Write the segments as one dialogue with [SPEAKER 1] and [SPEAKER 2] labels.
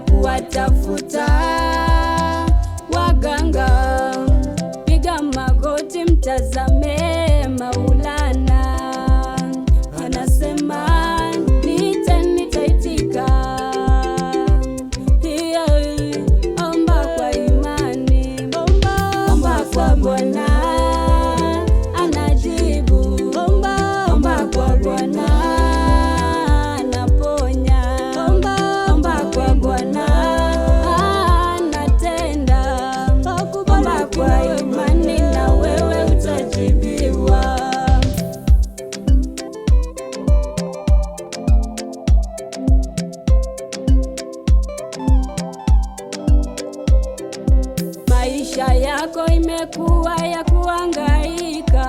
[SPEAKER 1] kuwatafuta imekuwa ya kuangaika,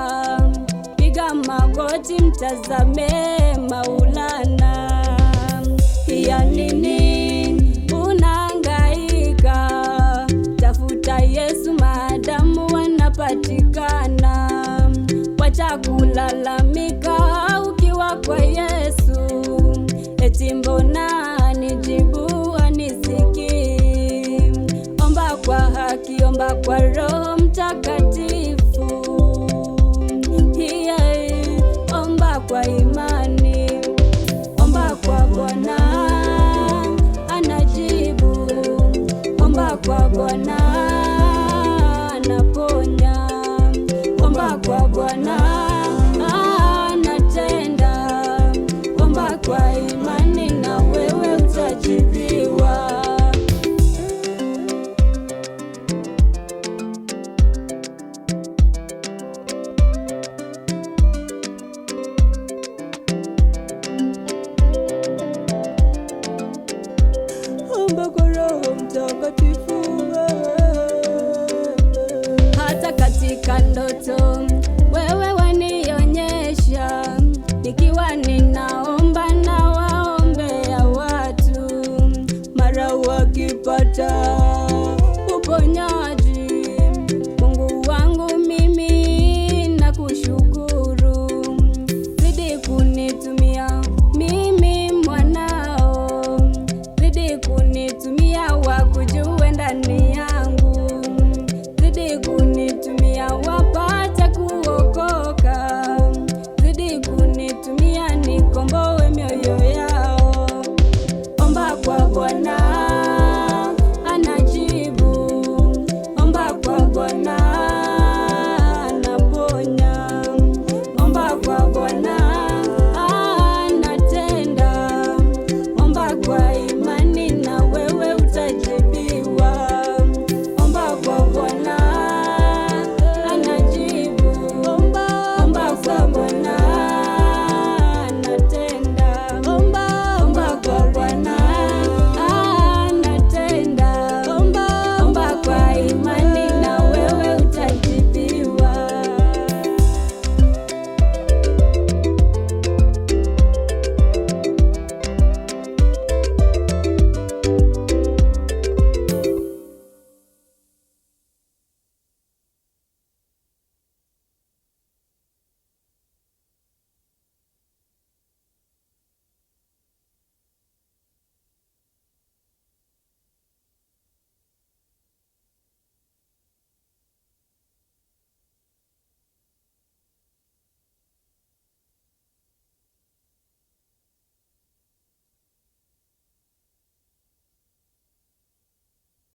[SPEAKER 1] piga magoti mtazame Maulana. Ya nini unaangaika? Tafuta Yesu maadamu wanapatikana, wacha kulalamika ukiwa kwa Yesu, eti mbona kwa Bwana anaponya, kwamba kwa Bwana anatenda, ah, kwamba kwa